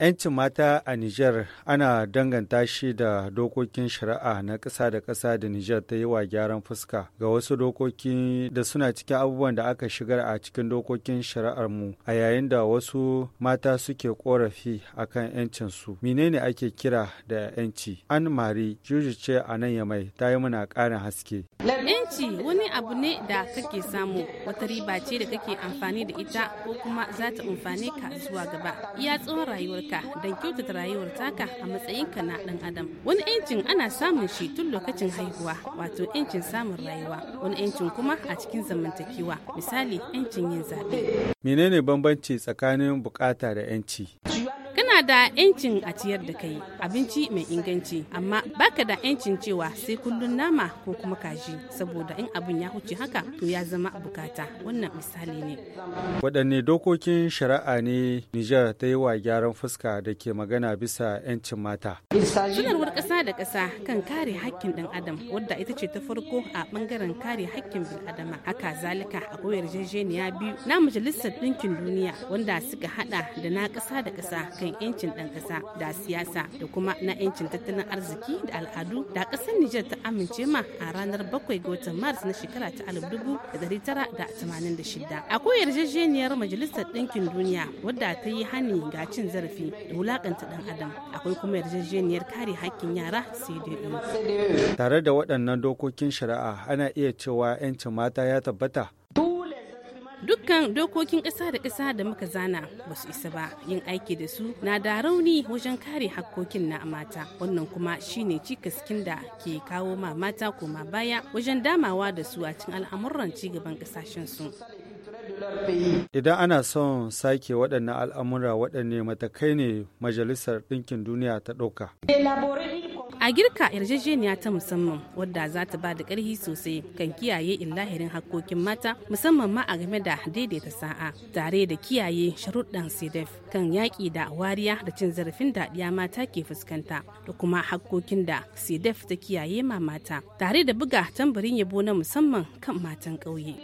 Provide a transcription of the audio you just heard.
'Yancin mata a Nijar ana danganta shi da dokokin shari'a na kasa da ƙasa da Nijar ta yi wa gyaran fuska ga wasu dokoki da suna cikin abubuwan da aka shigar a cikin dokokin shari'ar mu a yayin da wasu mata suke korafi a akan 'yancinsu. Menene ake kira da 'yanci? An mari ce a nan yamai ta yi muna ƙarin haske. Yanci wani abu ne da kake samu wata riba ce da kake amfani da ita ko kuma za ta amfane ka zuwa gaba iya rayuwar ka don kyautata rayuwar taka a matsayinka na dan adam wani yancin ana samun shi tun lokacin haihuwa wato yancin samun rayuwa wani yancin kuma a cikin zamantakewa misali yancin yin zaɓe menene bambanci tsakanin bukata da yanci da 'yancin a ciyar da kai abinci mai inganci amma baka da 'yancin cewa sai kullun nama ko kuma kaji saboda in abin ya huce haka to ya zama bukata wannan misali ne waɗanne dokokin shari'a ne Nijar ta yi wa gyaran fuska da ke magana bisa 'yancin mata sanarwar kasa da kasa kan kare hakkin ɗan adam wadda ita ce ta farko a ɓangaren kare hakkin bil adama haka zalika koyar yarjejeniya biyu na majalisar ɗinkin duniya wanda suka hada da na ƙasa da ƙasa kan 'yancin ɗan ƙasa da siyasa da kuma na 'yancin tattalin arziki da al'adu da ƙasar Nijar ta amince ma a ranar 7 ga watan Maris na shekara ta 1986. Akwai yarjejeniyar Majalisar Ɗinkin Duniya wadda ta yi hani ga cin zarafi da wulakanta ɗan adam. Akwai kuma yarjejeniyar kare haƙƙin yara CDU. E. Tare da waɗannan dokokin shari'a ana iya cewa 'yancin mata ya tabbata dukkan dokokin ƙasa da ƙasa da muka zana ba su isa ba yin aiki da su na da rauni wajen kare hakkokin na mata wannan kuma shine cikaskin da ke kawo ma mata koma baya wajen damawa da su a cikin al'amuran cigaban ƙasashen su Idan ana son sake waɗannan al'amura waɗanne matakai ne Majalisar Ɗinkin Duniya ta ɗauka. a girka yarjejeniya ta musamman wadda za ta ba da ƙarhi sosai kan kiyaye illahirin hakkokin mata musamman ma a game da daidaita sa'a tare da kiyaye sharuɗan sedef kan yaƙi da wariya da cin zarafin da ɗiya mata ke fuskanta da kuma hakkokin da sedef ta kiyaye ma mata tare da buga tambarin yabo na musamman kan matan ƙauye.